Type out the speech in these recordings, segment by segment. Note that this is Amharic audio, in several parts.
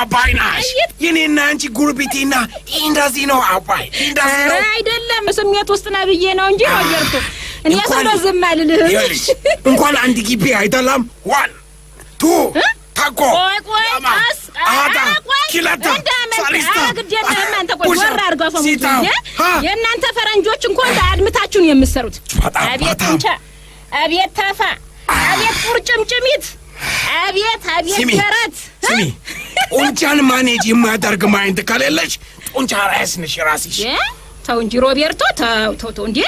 አባይ ናሽ። የኔና አንቺ ጉርቢቴና እንደዚህ ነው አባይ እንደዚህ ነው። አይደለም ስሜት ውስጥ ነው ብዬ ነው እንጂ ወጀርኩ እኔ ሰሎ ዝም አልልህ። እንኳን አንድ ግቢ አይደለም ዋን ቱ ታኮ የእናንተ ፈረንጆች እንኳን አድምታችሁን የምትሰሩት አቤት እንቻ፣ አቤት ተፋ፣ አቤት ቁርጭምጭሚት፣ አቤት አቤት ገረት ጡንቻን ማኔጅ የማያደርግ ማይንድ ከሌለሽ ጡንቻ ራስ ነሽ ራስሽ። ተው እንጂ ሮቤርቶ፣ ተው ተው ተው። እንዴ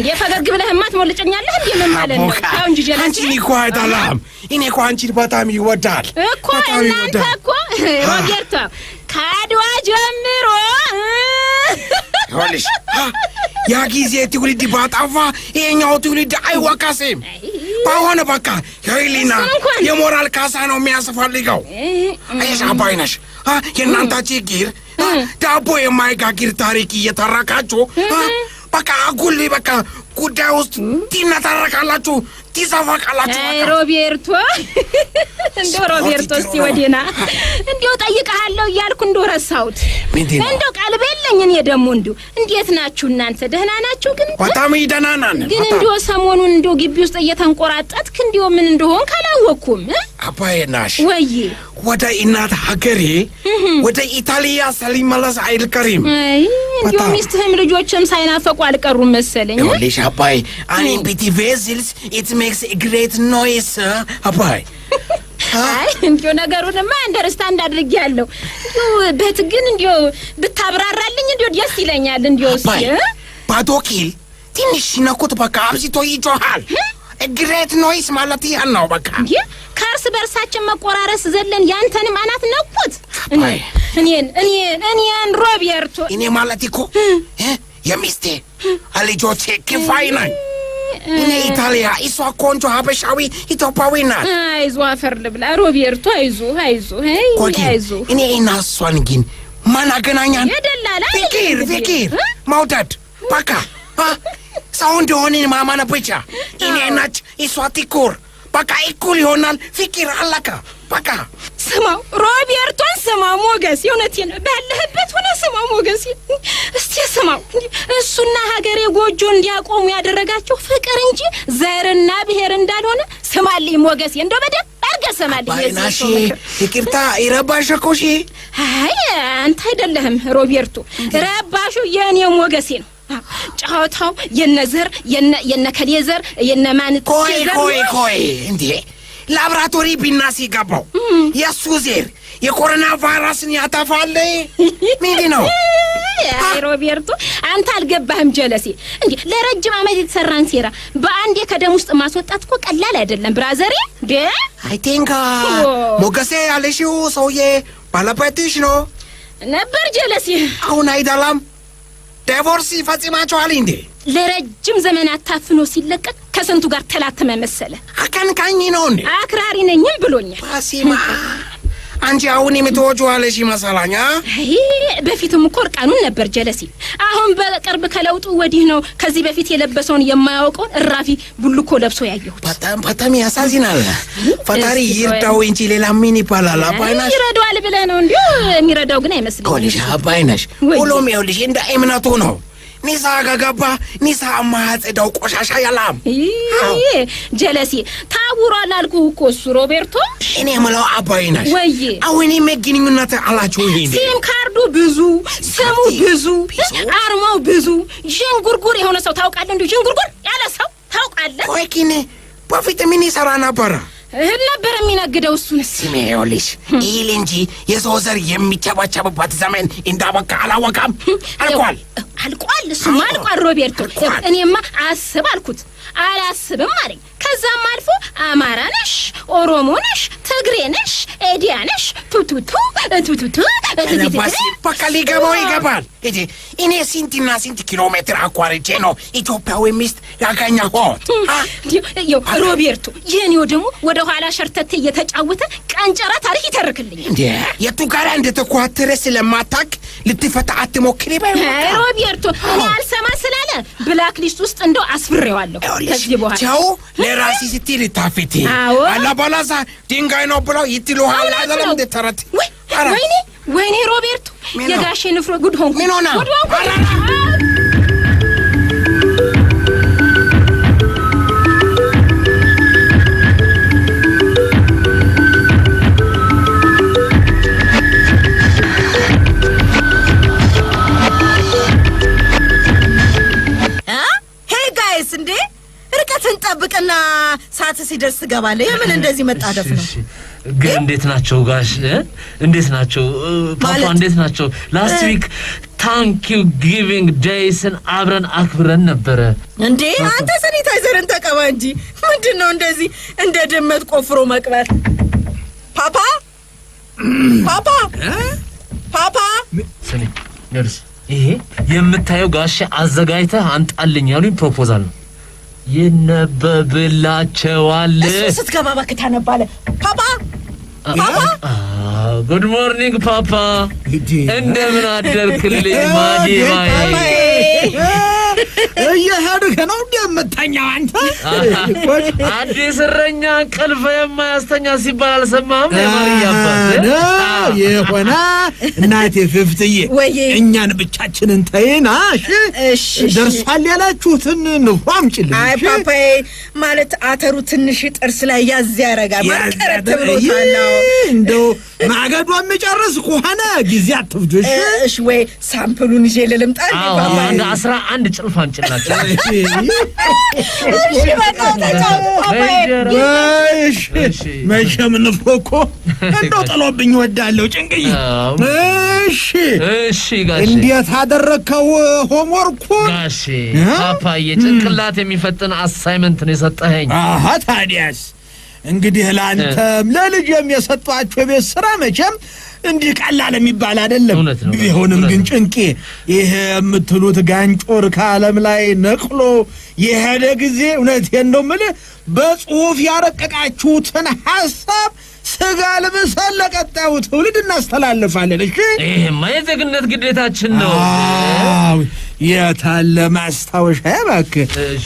እንዴ፣ ፈገግ ብለህ ማት ትሞልጨኛለህ እንዴ? ምን ማለት ነው? ተው እንጂ ጀለስ። አንቺ እኮ አይጠላም። እኔ እኮ አንቺን በጣም ይወዳል እኮ። እናንተ እኮ ሮቤርቶ ከአድዋ ጀምሮ ይኸውልሽ ያ ጊዜ ትውልድ ባጣፋ ይሄኛው ትውልድ አይወቀስም። በሆነ በቃ የህሊና የሞራል ካሳ ነው የሚያስፈልገው። አየሽ አባይ ነሽ የእናንታች ዳቦ የማይጋግር ታሪክ እየተረካችሁ በቃ አጉል በቃ ጉዳይ ውስጥ ትነታረካላችሁ፣ ትዘፈቃላችሁ። ሮቤርቶ እንዶ ሮቤርቶ እስቲ ወዴና እንዲሁ ጠይቀሃለሁ እያልኩ እንዶ ረሳሁት። እንደው ቃል በለኝ። እኔ ደግሞ እንዲ እንዴት ናችሁ እናንተ? ደህና ናችሁ? ግን በጣም ደህና ናን። ግን እንዲ ሰሞኑን እንዲ ግቢ ውስጥ እየተንቆራጠትክ እንዲ ምን እንደሆን ካላወቅኩም አባዬ ናሽ ወይ ወደ እናት ሀገሬ ወደ ኢታሊያ ሳልመለስ አይልቀርም። እንዲሁ ሚስትህም ልጆችም ሳይናፈቁ አልቀሩም መሰለኝ። ይኸውልሽ አባይ አኒ ቢቲ ቬዝልስ ኢት ሜክስ ግሬት ኖይስ አባይ አይ እንዲሁ ነገሩንማ አንደርስታንድ አድርጌያለሁ። እንዲሁ በት ግን እንዲሁ ብታብራራልኝ እንዲሁ ደስ ይለኛል። እንዲሁ ሲ ባዶኪል ትንሽ ነኩት በቃ አብዝቶ ይጮሃል። ግሬት ኖይስ ማለት ያን ነው። በቃ እንዴ ከእርስ በእርሳችን መቆራረስ ዘለን ያንተንም አናት ነኩት። እኔን እኔን እኔን ሮቤርቶ እኔ ማለት እኮ የሚስቴ አልጆቼ ክፋይ ነኝ። እኔ ኢታሊያ፣ እሷ ቆንጆ ሀበሻዊ ኢትዮጵያዊ ናት። አይዞ አፈር ልብላ ሮቤርቶ፣ አይዞ አይዞ አይዞ። እኔ እና እሷን ግን ማን አገናኛን? የደላላ ፍቅር ፍቅር መውደድ በቃ ሰው እንደሆንን ማማነብቻ እኔ ናች እሷ ትኩር በቃ እኩል ይሆናል ፍቅር አላካ በቃ ስማው ሮቤርቶን ስማ ሞገስ የእውነት ባለህበት ሆነ ስማ ሞገስ እስቲ ስማው እሱና ሀገሬ ጎጆ እንዲያቆሙ ያደረጋቸው ፍቅር እንጂ ዘርና ብሔር እንዳልሆነ ስማልኝ ሞገስ እንደው በደንብ አድርገህ ስማልኝ ናሺ ይቅርታ ይረባሽ እኮ አይ አንተ አይደለህም ሮቤርቶ ረባሹ የእኔ ሞገሴ ነው ጨዋታው የነ ዘር የነ ከሌ ዘር የነ ማን ቆይ ቆይ ቆይ እንዴ ላብራቶሪ ቢና ሲገባው የሱ ዘር የኮሮና ቫይረስን ያጠፋል ምንድ ነው። አይ ሮቤርቶ አንተ አልገባህም። ጀለሴ እንዴ ለረጅም አመት የተሰራን ሴራ በአንዴ ከደም ውስጥ ማስወጣት እኮ ቀላል አይደለም ብራዘሬ። እንዴ አይ ቲንክ ሞገሴ ያለሽው ሰውዬ ባለቤትሽ ነው ነበር ጀለሴ። አሁን አይደላም ዲቮርስ ይፈጽማቸዋል እንዴ? ለረጅም ዘመናት ታፍኖ ሲለቀቅ ከስንቱ ጋር ተላተመ መሰለ። አቀንቃኝ ነው እንዴ? አክራሪ ነኝም ብሎኛል። ፋሲማ አንቺ አሁን የምትወጂዋለሽ ይመስላኝ። በፊትም እኮ እርቃኑን ነበር ጀለሲ። አሁን በቅርብ ከለውጡ ወዲህ ነው ከዚህ በፊት የለበሰውን የማያውቀውን እራፊ ቡልኮ ለብሶ ያየሁት። በጣም በጣም ያሳዝናል። ፈጣሪ ይርዳው እንጂ ሌላ ምን ይባላል? አባይነሽ ይረዳዋል ብለህ ነው እንዲሁ የሚረዳው ግን አይመስልም። አባይነሽ ሁሉም ይኸውልሽ እንደ እምነቱ ነው። ኒሳ ከገባ ኒሳ ማጽዳው ቆሻሻ የለም። ጀለሴ ታውሯል አልኩህ እኮ እሱ ሮቤርቶ። እኔ የምለው አባይ ነሽ ወይ? አሁን ግንኙነት አላችሁ? ሲም ካርዱ ብዙ፣ ስሙ ብዙ፣ አርማው ብዙ። ዥንጉርጉር የሆነ ሰው ታውቃለህ? እንዲሁ ዥንጉርጉር ያለ ሰው ታውቃለህ? ቆይ ግን በፊት ምን ይሰራ ነበረ? እህል ነበር የሚነግደው። እሱን ስሜ ይኸውልሽ፣ ይል እንጂ የሰው ዘር የሚቸባቸብበት ዘመን እንዳበቃ አላወቃም። አልቋል፣ አልቋል፣ እሱማ አልቋል። ሮቤርቶ እኔማ አስብ አልኩት። አላስብም አለኝ። ከዛም አልፎ አማራ ነሽ፣ ኦሮሞ ነሽ፣ ትግሬ ነሽ፣ ኤዲያ ነሽ ቱቱቱ ቱቱቱ ነባስ በቃ ሊገባው ይገባል እኔ ስንትና ስንት ኪሎ ሜትር አቋርጬ ነው ኢትዮጵያዊ ሚስት ያገኘሁት። ሮቤርቶ የኔው ደግሞ ወደ ኋላ ሸርተቴ እየተጫወተ ቀንጨራ ታሪክ ይተርክልኝ። የቱ ጋር እንደተኳትረ ስለማታቅ ልትፈታ አትሞክሪ። ሮቤርቶ ያልሰማ ስላለ ብላክ ሊስት ውስጥ እንደው አስፍሬዋለሁ። ትሆኛለሽ። ቸው ለራሴ ስትይ ልታፍቲ አላባላሳ ድንጋይ ነው ብለው ይትሉሃል። አለም ወይኔ ወይኔ ሮቤርቱ የጋሼ ንፍሮ ጉድ ሆንኩ። ምን ሆና ርቀትን ጠብቅና ሰዓት ሲደርስ ትገባለህ። የምን እንደዚህ መጣደፍ ነው? ግን እንዴት ናቸው ጋሽ? እንዴት ናቸው ፓፓ? እንዴት ናቸው? ላስት ዊክ ታንክ ዩ ጊቪንግ ዴይስን አብረን አክብረን ነበረ እንዴ። አንተ ሰኒታይዘርን ተቀባ እንጂ ምንድን ነው እንደዚህ እንደ ድመት ቆፍሮ መቅበር? ፓፓ ፓፓ ፓፓ ሰኒ፣ ይሄ የምታየው ጋሽ አዘጋጅተህ አንጣልኝ ያሉኝ ፕሮፖዛል ነው። ይነበብላቸዋል። እሱ ስትገባ እባክህ ታነባለህ። ፓፓ ፓፓ፣ ጉድ ሞርኒንግ ፓፓ፣ እንደምን አደርክልኝ ማዲባይ ማዬ እየሄድክ ነው እንደ የምተኛው አንተ? አዲስ እረኛ እንቅልፍ የማያስተኛ ሲባል አልሰማህም? የማርያም የሆነ እናቴ ፍፍትዬ እኛን ብቻችንን ተይና ደርሷል ያላችሁትን ንፎ አምጪልን። አይ ፓፓዬ ማለት አተሩ ትንሽ ጥርስ ላይ ያዝ ያረጋል። ማቀረት ብሎታል። እንደው ማገዶ የሚጨርስ ከሆነ ጊዜ አትፍጆሽ። እሺ ወይ ሳምፕሉን ይዤ ልልምጣ። አስራ አንድ ጭልፍ አምጪላቸው። መቼም ንፎ እኮ እንደው ጥሎብኝ ይወዳል። ያለው ጭንቅዬ። እሺ እሺ ጋሽ እንዴት አደረከው ሆምወርኩን? ጋሽ ፓፓዬ ጭንቅላት የሚፈጥን አሳይመንት ነው የሰጠኸኝ። አሀ ታዲያስ እንግዲህ ለአንተም ለልጅም የሰጧቸው የቤት ስራ መቼም እንዲህ ቀላል የሚባል አይደለም። ቢሆንም ግን ጭንቄ ይሄ የምትሉት ጋንጮር ከዓለም ላይ ነቅሎ የሄደ ጊዜ እውነት ነው በጽሁፍ ያረቀቃችሁትን ሀሳብ ስጋ ልብሰን ለቀጣዩ ትውልድ እናስተላልፋለን። እሺ፣ ይህማ የዜግነት ግዴታችን ነው። የታለ ማስታወሻ እባክህ? እሺ፣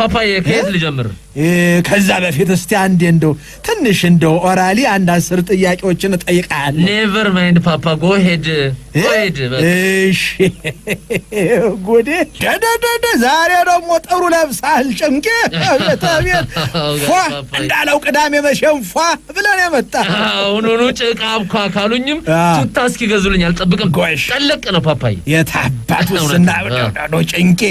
ፓፓዬ ከየት ልጀምር? ከዛ በፊት እስቲ አንዴ እንደው ትንሽ እንደው ኦራሊ አንድ አስር ጥያቄዎችን እጠይቃለሁ። ኔቨር ማይንድ ፓፓ ጎ ሄድ ሄድ። እሺ ጉዴ ደደደደ ዛሬ ደግሞ ጥሩ ለብሳል። ጭንቄ ቤት ፏ እንዳለው ቅዳሜ መቼም ፏ ብለን የመጣ አሁኑኑ ጭቃ አብኳ ካሉኝም ቱታ እስኪ ገዙልኝ አልጠብቅም። ጎሽ ጠለቅ ነው ፓፓዬ። የታባት ውስና ጭንቄ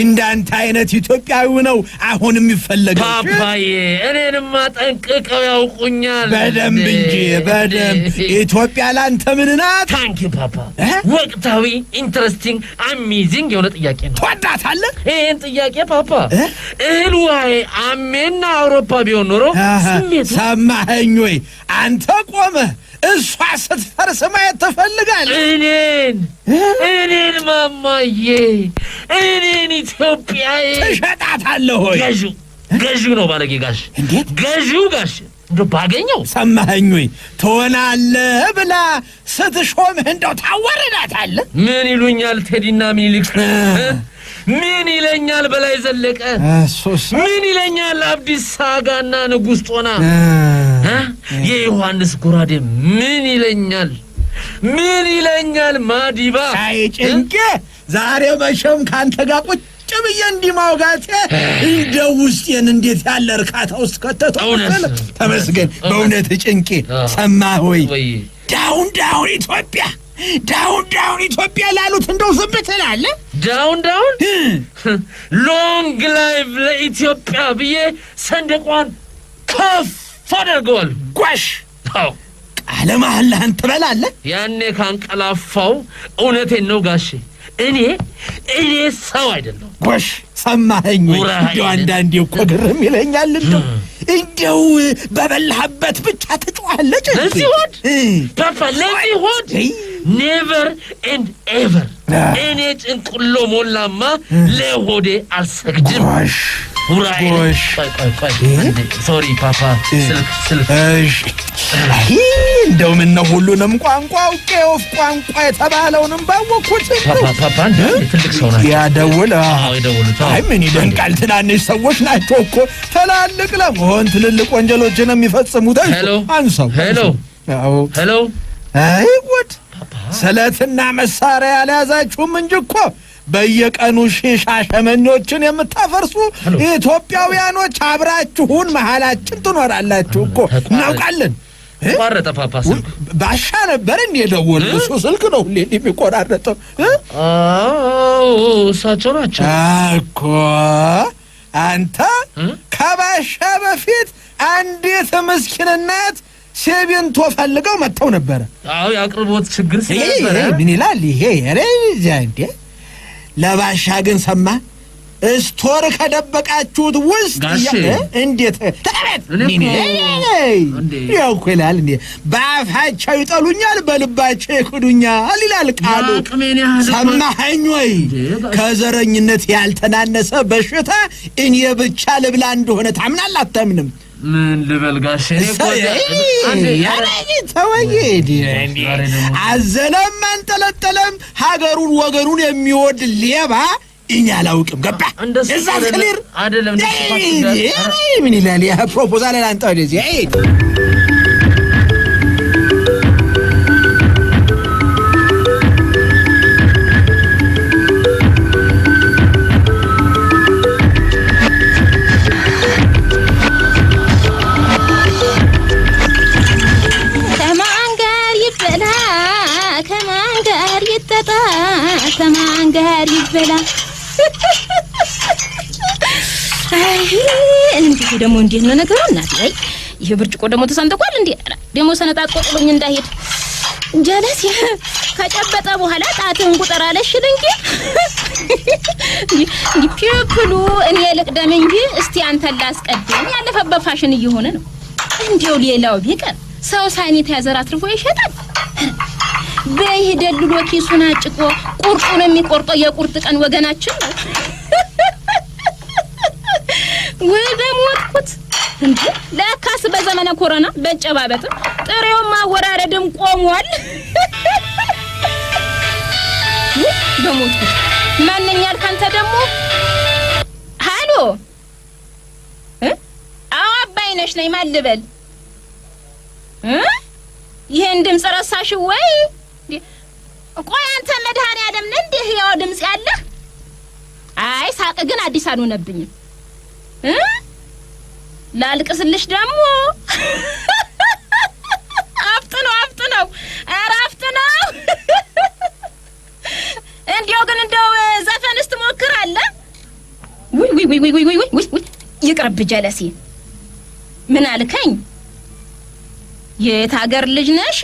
እንዳንተ አይነት ኢትዮጵያዊ ነው አሁን የሚፈለገው። ፓፓዬ እኔንማ ጠንቅቀው ያውቁኛል። በደንብ እንጂ በደንብ ኢትዮጵያ ላንተ ምን ናት? ታንኪ ፓፓ። ወቅታዊ ኢንትረስቲንግ አሚዚንግ የሆነ ጥያቄ ነው። ትወዳታለህ? ይህን ጥያቄ ፓፓ እህል ውሃይ አሜና አውሮፓ ቢሆን ኖሮ ስሜቱ ሰማኸኝ ወይ አንተ ቆመ እሷ ስትፈርስ ማየት ትፈልጋለህ? እኔን እኔን ማማዬ እኔን ኢትዮጵያዬ ትሸጣታለህ ሆይ ገዢው ነው ባለጌ ጋሽ። እንዴት ገዢው ጋሽ እንደው ባገኘው ሰማኸኝ ወይ ትሆናለህ ብላ ስትሾምህ እንደው ታዋርዳታለህ። ምን ይሉኛል ቴዲና ሚኒሊክ ምን ይለኛል በላይ ዘለቀ፣ ምን ይለኛል አብዲስ አጋና ንጉሥ ጦና፣ የዮሐንስ ጉራዴ ምን ይለኛል፣ ምን ይለኛል ማዲባ። አይ ጭንቄ ዛሬ መቼም ካንተ ጋር ቁጭ ቁጭ ብዬ እንዲህ ማውጋቴ እንደ ውስጤን እንዴት ያለ እርካታ ውስጥ ከተተው። ተመስገን በእውነት ጭንቄ ሰማ ወይ? ዳውን ዳውን ኢትዮጵያ ዳውን ዳውን ኢትዮጵያ ላሉት እንደው ዝም ትላለ። ዳውን ዳውን ሎንግ ላይቭ ለኢትዮጵያ ብዬ ሰንደቋን ከፍ አደርገዋል። ጓሽ ቃለ መሐላህን ትበላለህ? ያኔ ካንቀላፋው እውነቴን ነው ጋሼ እኔ እኔ ሰው አይደለሁ። ጎሽ ሰማኸኝ? እንደው አንዳንዴ እኮ ግርም ይለኛል። እንደው እንደው በበላህበት ብቻ ትጮኻለች። ለዚህ ሆድ ለዚህ ሆድ ኔቨር ኤንድ ኤቨር እኔ ጭንቅሎ ሞላማ ለሆዴ አልሰግድም። ሶሪ ፓፓ፣ እንደው ምን ሁሉንም ቋንቋ አውቄ ወፍ ቋንቋ የተባለውንም ባወቅኩት። ትልቅ ሰው ናቸው ያደውል። አይ ምን ይደንቃል? ትናንሽ ሰዎች ናቸው እኮ ትላልቅ ለመሆን ትልልቅ ወንጀሎችን የሚፈጽሙት። አንሰው ሄሎ። አይ ጉድ ስለትና መሳሪያ ያልያዛችሁም እንጂ እኮ በየቀኑ ሺህ ሸመኞችን የምታፈርሱ ኢትዮጵያውያኖች አብራችሁን መሀላችን ትኖራላችሁ እኮ እናውቃለን። ባሻ ነበር እንዴ ደወል? እሱ ስልክ ነው ሁሌ የሚቆራረጠው። አዎ እሳቸው ናቸው እኮ። አንተ ከባሻ በፊት አንዲት ምስኪን ሲሚንቶ ፈልገው መጥተው ነበረ። አዎ የአቅርቦት ችግር ስለነበረ ምን ይላል ይሄ እንዴ? ለባሻ ግን ሰማ ስቶር ከደበቃችሁት ውስጥ እንዴት ያው እኮ ይላል እንዴ በአፋቸው ይጠሉኛል፣ በልባቸው ይክዱኛል ይላል ቃሉ። ሰማኸኝ ወይ? ከዘረኝነት ያልተናነሰ በሽታ እኔ ብቻ ልብላ እንደሆነ ታምናል አታምንም? ምን ልበል ጋሼ፣ አዘለም አንጠለጠለም ሀገሩን ወገኑን የሚወድ ሌባ እኛ አላውቅም። ገባ እዛ ክሊር ምን ይላል ያ ፕሮፖዛል አንተ ወደዚህ ይበላ። እንዲሁ ደግሞ እንዴት ነው ነገሩ? እናት ይሄ ብርጭቆ ደግሞ ተሰንጥቋል። እንዴ ደግሞ ሰነጣጥቆ ጥሎኝ እንዳሄድ ጀለስ ከጨበጠ በኋላ ጣትን አለሽል እንጂ ፒፕሉ እኔ ልቅደም እንጂ እስቲ አንተን ላስቀድም። ያለፈበት ፋሽን እየሆነ ነው። እንዲው ሌላው ቢቀር ሰው አትርፎ ይሸጣል። በይህደልሎ ኪሱን አጭቆ ቁርጡን የሚቆርጠው። የቁርጥ ቀን ወገናችን ነው። ወይ በሞትኩት እንዴ! ለካስ በዘመነ ኮረና በጨባበጥም ጥሬውን ማወራረድም ቆሟል። በሞትኩት ማንኛል ካንተ ደግሞ ሃሎ አዎ አባይነሽ ነኝ ማልበል እ ድምፅ ረሳሽ ወይ? ቆይ አንተ መድኃኔዓለም ነህ እንዲህ ያው ድምጽ ያለ? አይ ሳቅ ግን አዲስ አልሆነብኝም። ላልቅስልሽ ደግሞ አፍጥነው አፍጥነው፣ ኧረ አፍጥነው። እንዲያው ግን እንደው ዘፈንስ ትሞክራለህ? ውይ ውይ ውይ ውይ ውይ ውይ ውይ ይቅርብ ጀለሴ። ምን አልከኝ? የት ሀገር ልጅ ነሽ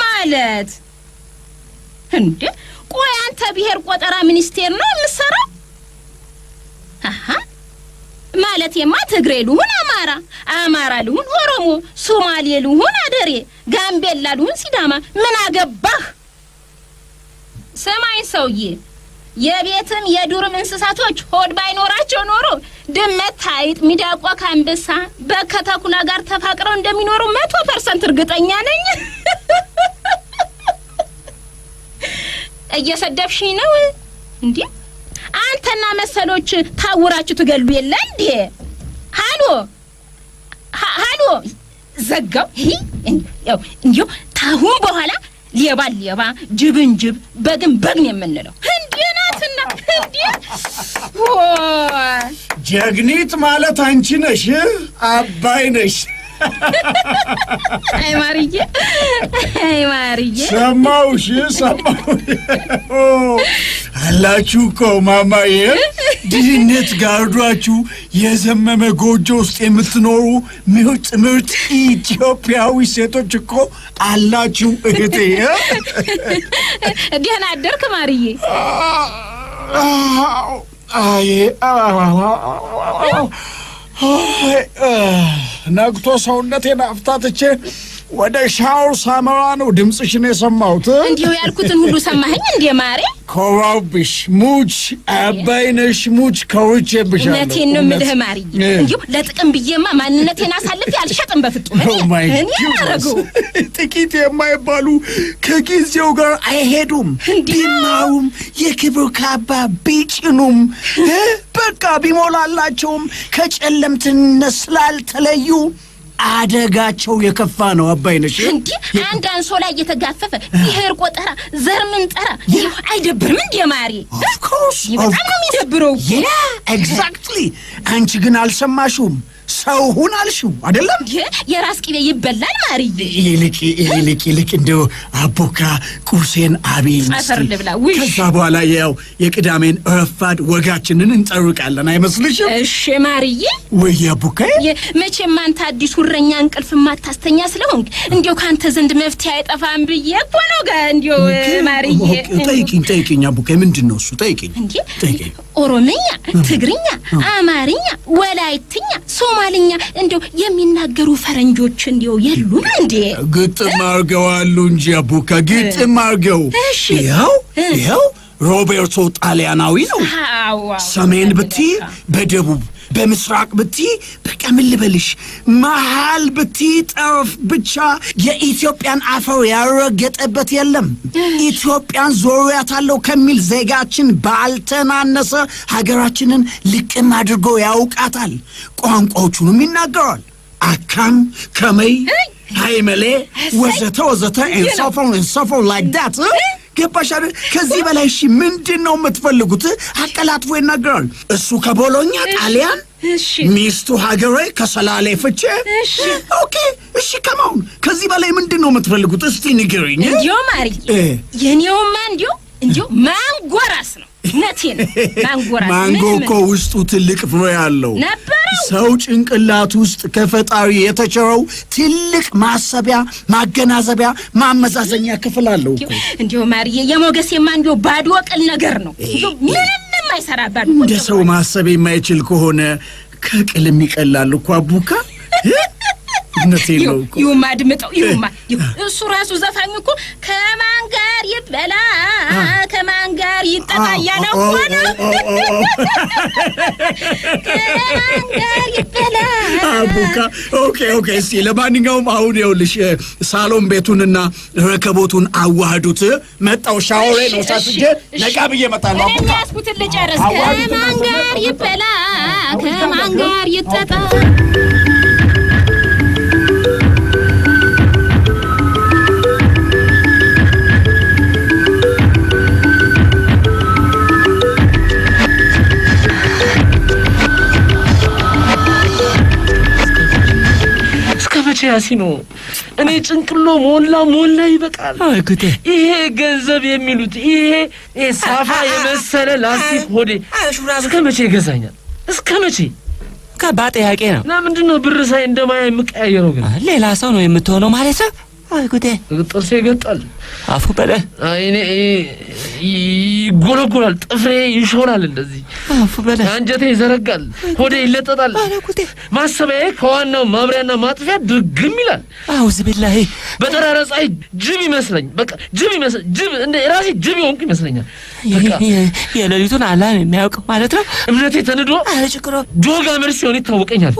ማለት እንዴ ቆይ አንተ ብሔር ቆጠራ ሚኒስቴር ነው የምትሰራው? አሀ የማ ትግሬ ልሁን አማራ፣ አማራ ልሁን ኦሮሞ፣ ሶማሌ ልሁን አደሬ፣ ጋምቤላ ልሁን ሲዳማ፣ ምን አገባህ? ሰማይ ሰውዬ የቤትም የዱርም እንስሳቶች ሆድ ባይኖራቸው ኖሮ ድመት፣ ታይጥ፣ ሚዳቋ ከአንበሳ በከተኩላ ጋር ተፋቅረው እንደሚኖሩ መቶ ፐርሰንት እርግጠኛ ነኝ። እየሰደብሽኝ ነው እንዴ? አንተና መሰሎች ታውራችሁ ትገሉ የለ እንዴ? ሃሎ ሃሎ፣ ዘጋው። እንዲሁ ታሁን በኋላ ሌባን ሌባ፣ ጅብን ጅብ፣ በግን በግን የምንለው እንዴናትና እንዴ ጀግኒት ማለት አንቺ ነሽ፣ አባይ ነሽ። አይ ማርዬ፣ አይ ማርዬ፣ ሰማሁሽ፣ ሰማሁሽ አላችሁ እኮ ማማዬ። ድህነት ጋርዷችሁ የዘመመ ጎጆ ውስጥ የምትኖሩ ምርጥ ምርጥ ኢትዮጵያዊ ሴቶች እኮ አላችሁ እህቴ። ደህና አደርክ ማርዬ። አይ ነግቶ ሰውነቴን አፍታትቼ ወደ ሻውር ሳመራ ነው ድምፅሽን የሰማሁት። እንዲሁ ያልኩትን ሁሉ ሰማኸኝ እንዴ ማሬ? ኮራብሽ ሙች አባይነሽ ሙች ከውጭ ብሻለሁ። እውነቴን ነው የምልህ ማሪ፣ እንዲሁ ለጥቅም ብዬማ ማንነቴን አሳልፌ አልሸጥም በፍጡም። እኔ ያረጉ ጥቂት የማይባሉ ከጊዜው ጋር አይሄዱም። ቢማሩም የክብር ካባ ቢጭኑም በቃ ቢሞላላቸውም ከጨለምትነት ስላልተለዩ አደጋቸው የከፋ ነው። አባይነሽ እንዲ አንድ አንሶ ላይ እየተጋፈፈ ብሔር ቆጠራ፣ ዘር ምን ጠራ አይደብርም? እንዴ ማሪ ኦፍ ኮርስ በጣም ነው የሚደብረው። ያ ኤግዛክትሊ። አንቺ ግን አልሰማሽውም። ሰው ሁን አልሽው አይደለም? የራስ ቅቤ ይበላል ማርዬ። ይልቅ ይልቅ ይልቅ እንደው አቦካ ቁርሴን አቤኝ ጸፈር ልብላ። ከዛ በኋላ ያው የቅዳሜን ረፋድ ወጋችንን እንጠርቃለን አይመስልሽም? እሺ ማርዬ። ወይ አቦካ፣ መቼም አንተ አዲሱ እረኛ እንቅልፍ ማታስተኛ ስለሆንክ እንዲው ከአንተ ዘንድ መፍትሄ አይጠፋም ብዬ እኮ ነው። ጋር እንዲው ማርዬ፣ ጠይቂኝ ጠይቂኝ አቦካ፣ ምንድን ነው እሱ? ጠይቂኝ ጠይቂኝ ኦሮምኛ፣ ትግርኛ፣ አማርኛ፣ ወላይትኛ፣ ሶማልኛ እንዲው የሚናገሩ ፈረንጆች እንዲው የሉም እንዴ? ግጥም አርገው አሉ እንጂ አቡካ ግጥም አርገው። እሺ፣ ይኸው ይኸው ሮቤርቶ ጣሊያናዊ ነው። ሰሜን ብቲ በደቡብ በምስራቅ ብቲ በቃ ልበልሽ፣ መሃል ብቲ ጠረፍ ብቻ የኢትዮጵያን አፈር ያረገጠበት የለም። ኢትዮጵያን ዞሪያታለሁ ከሚል ዜጋችን ባልተናነሰ ሀገራችንን ልቅም አድርጎ ያውቃታል። ቋንቋዎቹንም ይናገራል። አካም፣ ከመይ፣ ሃይመሌ ወዘተ ወዘተ ኤንሶፎን ኤንሶፎን ላይክ ዳት ገባሽ ከዚህ በላይ እሺ፣ ምንድን ነው የምትፈልጉት? አቀላጥፎ ይናገራል። እሱ ከቦሎኛ ጣሊያን፣ ሚስቱ ሀገሬ ከሰላሌ ፍቼ። ኦኬ፣ እሺ፣ ከማውን ከዚህ በላይ ምንድን ነው የምትፈልጉት? እስቲ ንገሪኝ። እንዲሁ ማሪ፣ የኔውማ እንዲሁ እንዲሁ ማንጎራስ ነው ነቴን ማንጎራት ማንጎ እኮ ውስጡ ትልቅ ፍሬ አለው ነበረው። ሰው ጭንቅላት ውስጥ ከፈጣሪ የተቸረው ትልቅ ማሰቢያ፣ ማገናዘቢያ፣ ማመዛዘኛ ክፍል አለው እኮ። እንዲሁ ማርዬ የሞገሴማ እንዲሁ ባዶ ቅል ነገር ነው። ምንም አይሰራባት እንደ ሰው ማሰብ የማይችል ከሆነ ከቅልም ይቀላል እኮ አቡካ እውነቴን ነው እኮ ይሁማ፣ አድምጠው ይሁማ። እሱ ራሱ ዘፋኝ እኮ ከማን ጋር ይበላ ከማን ጋር ይጠጣ ነው። ከማን ጋር ይበላ አቡካ። ኦኬ ኦኬ። እስቲ ለማንኛውም አሁን ይኸውልሽ ሳሎን ቤቱንና ረከቦቱን አዋህዱት። መጣው ሻወሬ ነው ሳስጀ ነቃ ብዬ መጣለሁ። አቡካ ያስኩትን ልጨርስ። ከማን ጋር ይበላ ከማን ጋር ይጠጣ ያሲኖ እኔ ጭንቅሎ ሞላ ሞላ ይበቃል። ይሄ ገንዘብ የሚሉት ይሄ ሳፋ የመሰለ ላስቲክ ሆዴ እስከ መቼ ይገዛኛል? እስከ መቼ? ከባድ ጥያቄ ነው። ለምንድን ነው ብር ሳይ እንደማያ የምቀያየረው? ግን ሌላ ሰው ነው የምትሆነው ማለት ነው። አይጉዴ ጥርሴ ይገጣል፣ አፉ በለ አይኔ ይጎለጎላል፣ ጥፍሬ ይሾላል፣ እንደዚህ አፉ በለ አንጀቴ ይዘረጋል፣ ሆዴ ይለጠጣል። አላኩቴ ማሰቢያዬ ከዋናው ማብሪያና ማጥፊያ ድርግም ይላል። አውዝ ቢላሂ በጠራራ ፀሐይ ጅብ ይመስለኝ፣ በቃ ጅብ ይመስል ጅብ እንደ ራሴ ጅብ የሆንኩ ይመስለኛል። የሌሊቱን አላህን የሚያውቅ ማለት ነው። እምነቴ ተንዶ አጭቅሮ ጆጋ መር ሲሆን ይታወቀኛል።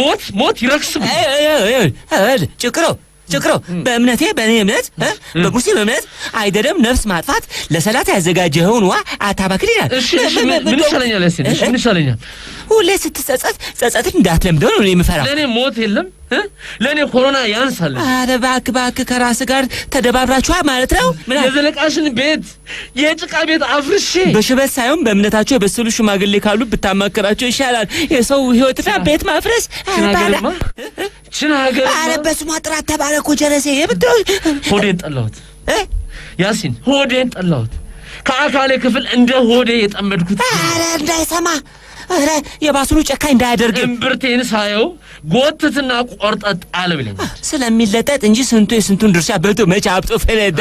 ሞት ሞት ይረክስም ጭቅሮ ችግረው በእምነቴ በእኔ እምነት በሙስሊም በእምነት አይደለም ነፍስ ማጥፋት ለሰላት ያዘጋጀኸውን ውሃ አታባክል ይላል። ምን ይሻለኛል? ሁሌ ስትጸጸት ጸጸትን እንዳትለምደው ነው የምፈራው። ለእኔ ሞት የለም ለእኔ ኮሮና ያንሳለ። አረ እባክህ እባክህ፣ ከራስ ጋር ተደባብራችኋል ማለት ነው። የዘለቃሽን ቤት የጭቃ ቤት አፍርሼ በሽበት ሳይሆን በእምነታቸው የበሰሉ ሽማግሌ ካሉ ብታማክራቸው ይሻላል። የሰው ሕይወትና ቤት ማፍረስ ችናገር። አረ በስሟ ጥራት ተባለ እኮ ጀለሴ የምትለው ሆዴን ጠላሁት። ያሲን ሆዴን ጠላሁት። ከአካሌ ክፍል እንደ ሆዴ የጠመድኩት አረ እንዳይሰማ ኧረ የባሱኑ ጨካኝ እንዳያደርግ እምብርቴን ሳየው ጎትትና ቆርጠጥ አለ ብለኛል። ስለሚለጠጥ እንጂ ስንቱ የስንቱን ድርሻ በልቶ መቼ አብጦ ፈነዳ።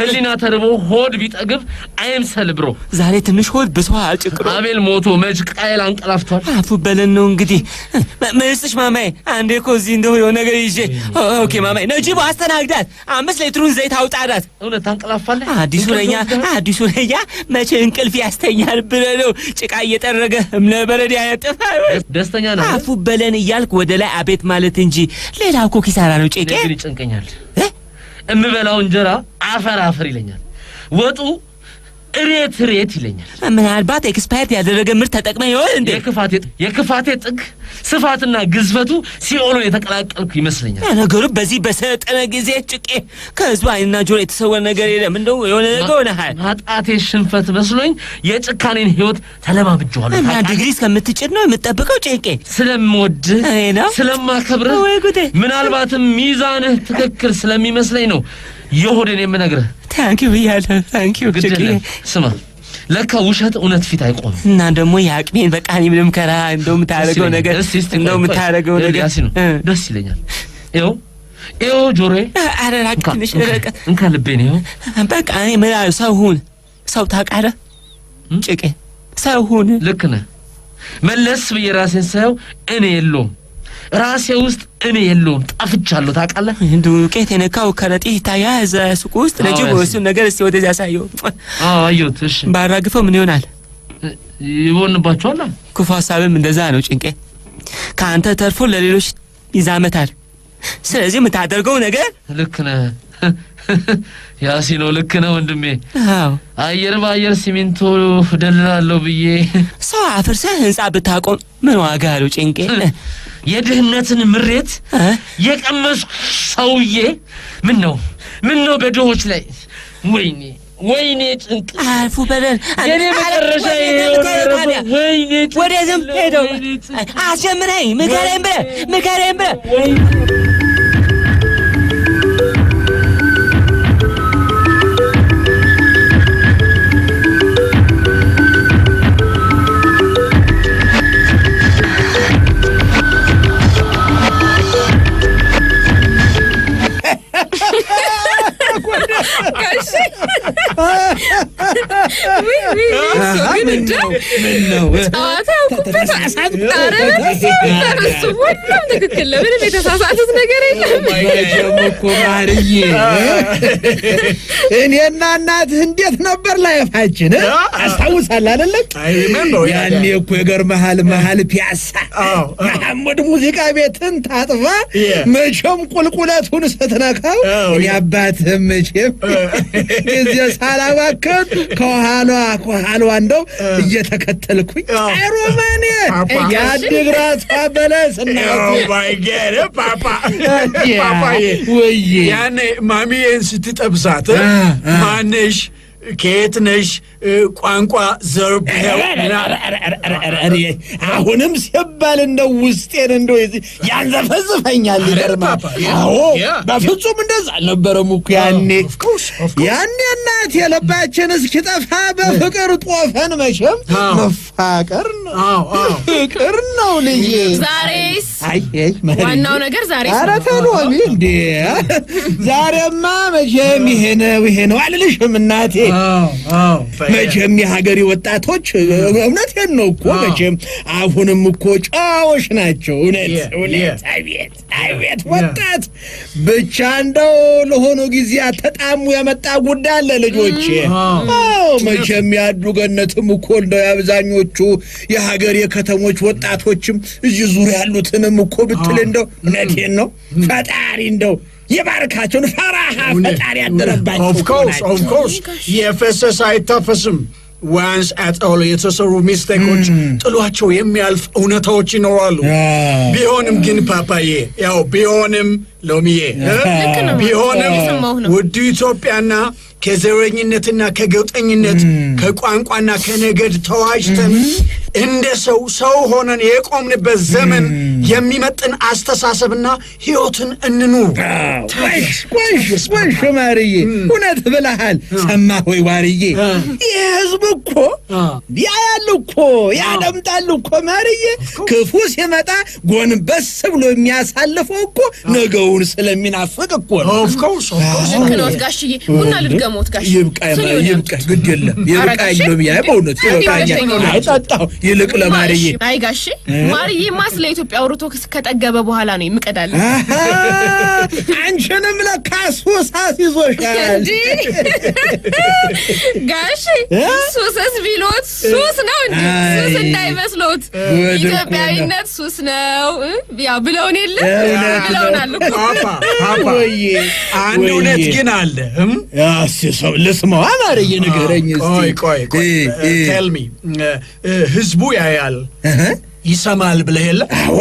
ህሊና ተርቦ ሆድ ቢጠግብ አይምሰል ብሮ። ዛሬ ትንሽ ሆድ ብሷ አጭቅሮ አቤል ሞቶ መች ቃየል አንቀላፍቷል። አፉ በለን ነው እንግዲህ መልስሽ ማማዬ። አንዴ እኮ እዚህ እንደው የሆነ ነገር ይዤ ኦኬ ማማዬ። ነጂቦ አስተናግዳት፣ አምስት ሌትሩን ዘይት አውጣዳት። እውነት ታንቀላፋለ? አዲሱ ረኛ አዲሱ ረኛ መቼ እንቅልፍ ያስተኛል ብለህ ነው ጭቃ እየጠረገ እምነ በረድ ያጠፋ ደስተኛ ነው አፉ በለን እያልክ ወደ ላይ አቤት ማለት እንጂ ሌላ እኮ ኪሳራ ነው። ጭቄ ጭንቀኛል እምበላው እንጀራ አፈር አፈር ይለኛል። ወጡ እሬት እሬት ይለኛል። ምናልባት ኤክስፓየርት ያደረገ ምርት ተጠቅመ ይሆን እንዴ? የክፋቴ ጥግ ስፋትና ግዝፈቱ ሲኦሎ የተቀላቀልኩ ይመስለኛል። ነገሩ በዚህ በሰጠነ ጊዜ ጭቄ ከህዝቡ አይንና ጆሮ የተሰወረ ነገር የለም። እንደው የሆነ ነገር ሆነሃል። ማጣቴ ሽንፈት መስሎኝ የጭካኔን ህይወት ተለማምጄዋለሁ። እና ዲግሪ እስከምትጭድ ነው የምጠብቀው? ጭቄ ስለምወድህ ነው ስለማከብርህ፣ ምናልባትም ሚዛንህ ትክክል ስለሚመስለኝ ነው የሆድን የምነግርህ ታንኪው ብያለሁ። ታንኪው ስማ፣ ለካ ውሸት እውነት ፊት አይቆም እና ደግሞ የአቅሜን በቃ እኔ ልምከራ እንደው የምታደርገው ነገር እንደው የምታደርገው ነገር ደስ ይለኛል። ይኸው ይኸው ጆሮዬ፣ ኧረ ራቅ ትንሽ ርቀት እንካ ልቤን። ይኸው በቃ እኔ ምን ሰው ሁን ሰው ታውቃለህ፣ ጭቄ ሰው ሁን። ልክ ነህ። መለስ ብዬ ራሴን ሳየው እኔ የለውም ራሴ ውስጥ እኔ የለውም ጠፍቻለሁ። ታውቃለህ እንዱ ቄት የነካው ከረጢት ይታያል እዛ ሱቁ ውስጥ ለጅቡ። እሱ ነገር እስቲ ወደዚያ ያሳየው። አዎ አየሁት። እሺ ባራግፈው ምን ይሆናል? ይሆንባቸዋል። ክፉ ሀሳብም እንደዛ ነው። ጭንቄ ከአንተ ተርፎ ለሌሎች ይዛመታል። ስለዚህ የምታደርገው ነገር ልክ ነህ። ያሲኖ፣ ልክ ነህ ወንድሜ። አየር በአየር ሲሚንቶ ደልላለሁ ብዬ ሰው አፍርሰህ ህንጻ ብታቆም ምን ዋጋ አለው ጭንቄ የድህነትን ምሬት የቀመስኩ ሰውዬ ምን ነው ምን ነው በድሆች ላይ ወይኔ ወይኔ ጭንቅ አፉ በለን የኔ መጨረሻ ወይኔ ወደ ዝም ሄደው አስጀምረኝ ምከረኝ ብለህ ምከረኝ ብለህ ትክክል። ለምንም የተሳሳቱት ነገር የለም። እኔና እናትህ እንዴት ነበር ላይፋችን? አስታውሳለህ አይደለም? ያኔ እኮ የገር መሃል መሃል ፒያሳ መሐሙድ ሙዚቃ ቤትን ታጥፋ መቼም ቁልቁለቱን ስትነካው እኔ አባትህም መቼም ጊዜ ሳላባከን ከኋሏ ከኋሏ እንደው እየተከተልኩኝ ሮማኔ የአድግራቷ በለስ እናፓፓ ወይ ያኔ ማሚዬን ስትጠብሳት ማነሽ? ከየት ነሽ? ቋንቋ ዘርብ አሁንም ሲባል እንደው ውስጤን እንደው ያንዘፈዝፈኛል። ይገርማል። አዎ በፍጹም እንደዛ አልነበረም እኮ ያኔ ያኔ እናት የለባችን እስኪጠፋ በፍቅር ጦፈን። መቼም መፋቀር ነው ፍቅር ነው ልዬ። ዋናው ነገር ዛሬ ኧረ ተሎሚ ዛሬማ መቼም ይሄ ነው ይሄ ነው አልልሽም እናቴ መቼም የሀገሬ ወጣቶች እውነቴን ነው እኮ መቼም አሁንም እኮ ጨዋዎች ናቸው። እውነት እውነት፣ አቤት አቤት ወጣት ብቻ እንደው ለሆኑ ጊዜያት ተጣሙ ያመጣ ጉዳይ አለ ልጆቼ። መቼም ያዱ ገነትም እኮ እንደው የአብዛኞቹ የሀገሬ ከተሞች ወጣቶችም እዚህ ዙሪያ ያሉትንም እኮ ብትል እንደው እውነቴን ነው ፈጣሪ እንደው የባርካቸውን ፈራሀ ፈጣሪ ያደረባቸው የፈሰሰ አይታፈስም። ዋንስ አት ኦል የተሰሩ ሚስቴኮች ጥሏቸው የሚያልፍ እውነታዎች ይኖራሉ። ቢሆንም ግን ፓፓዬ፣ ያው ቢሆንም ሎሚዬ፣ ቢሆንም ውዱ ኢትዮጵያና ከዘረኝነትና ከገውጠኝነት ከቋንቋና ከነገድ ተዋጅተን እንደ ሰው ሰው ሆነን የቆምንበት ዘመን የሚመጥን አስተሳሰብና ህይወትን እንኑ። ወሾ ማርዬ፣ እውነት ብለሃል። ሰማ ወይ ማርዬ? የህዝብ ህዝብ እኮ ያያል እኮ ያደምጣል እኮ ማርዬ። ክፉ ሲመጣ ጎንበስ ብሎ የሚያሳልፈው እኮ ነገውን ስለሚናፍቅ እኮ ነው። ጋሽዬ፣ ቡና ልድገሞት ጋሽ። ይብቃ፣ ይብቃ፣ ግድ የለም ይብቃ። በእውነት ይበቃኛል። አይጠጣሁ ይልቅ ለማርዬ አይ ጋሼ ማርዬ ማስ ለኢትዮጵያ ኦርቶዶክስ ከጠገበ በኋላ ነው የምቀዳል። አንቺንም ለካ ሱሳስ ይዞሻል እንጂ ጋሼ ሱስስ ቢሎት ሱስ ነው እንጂ ሱስ እንዳይመስሎት ኢትዮጵያዊነት ሱስ ነው ያ ብለውን የለ ብለውናል እኮ ወይ አንድ እውነት ግን አለ ሰው ልስማዋ ማርዬ ንገረኝ እስቲ ቆይ ቆይ ቴልሚ ህዝብ ህዝቡ ያያል ይሰማል ብለህ የለ? አዎ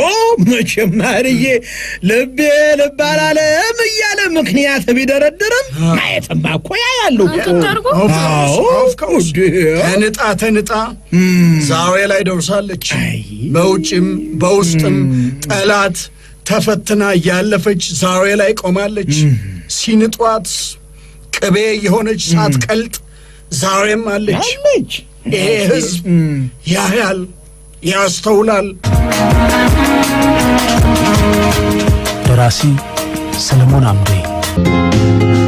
መጀመርዬ ልቤ ልብ አላለም እያለ ምክንያት ቢደረድርም ማየትማ እኮ ያያሉ። ተንጣ ተንጣ ዛሬ ላይ ደርሳለች። በውጭም በውስጥም ጠላት ተፈትና እያለፈች ዛሬ ላይ ቆማለች። ሲንጧት ቅቤ የሆነች ሳትቀልጥ ዛሬም አለች። ይሄ ህዝብ ያያል፣ ያስተውላል። ደራሲ ሰለሞን አምዴ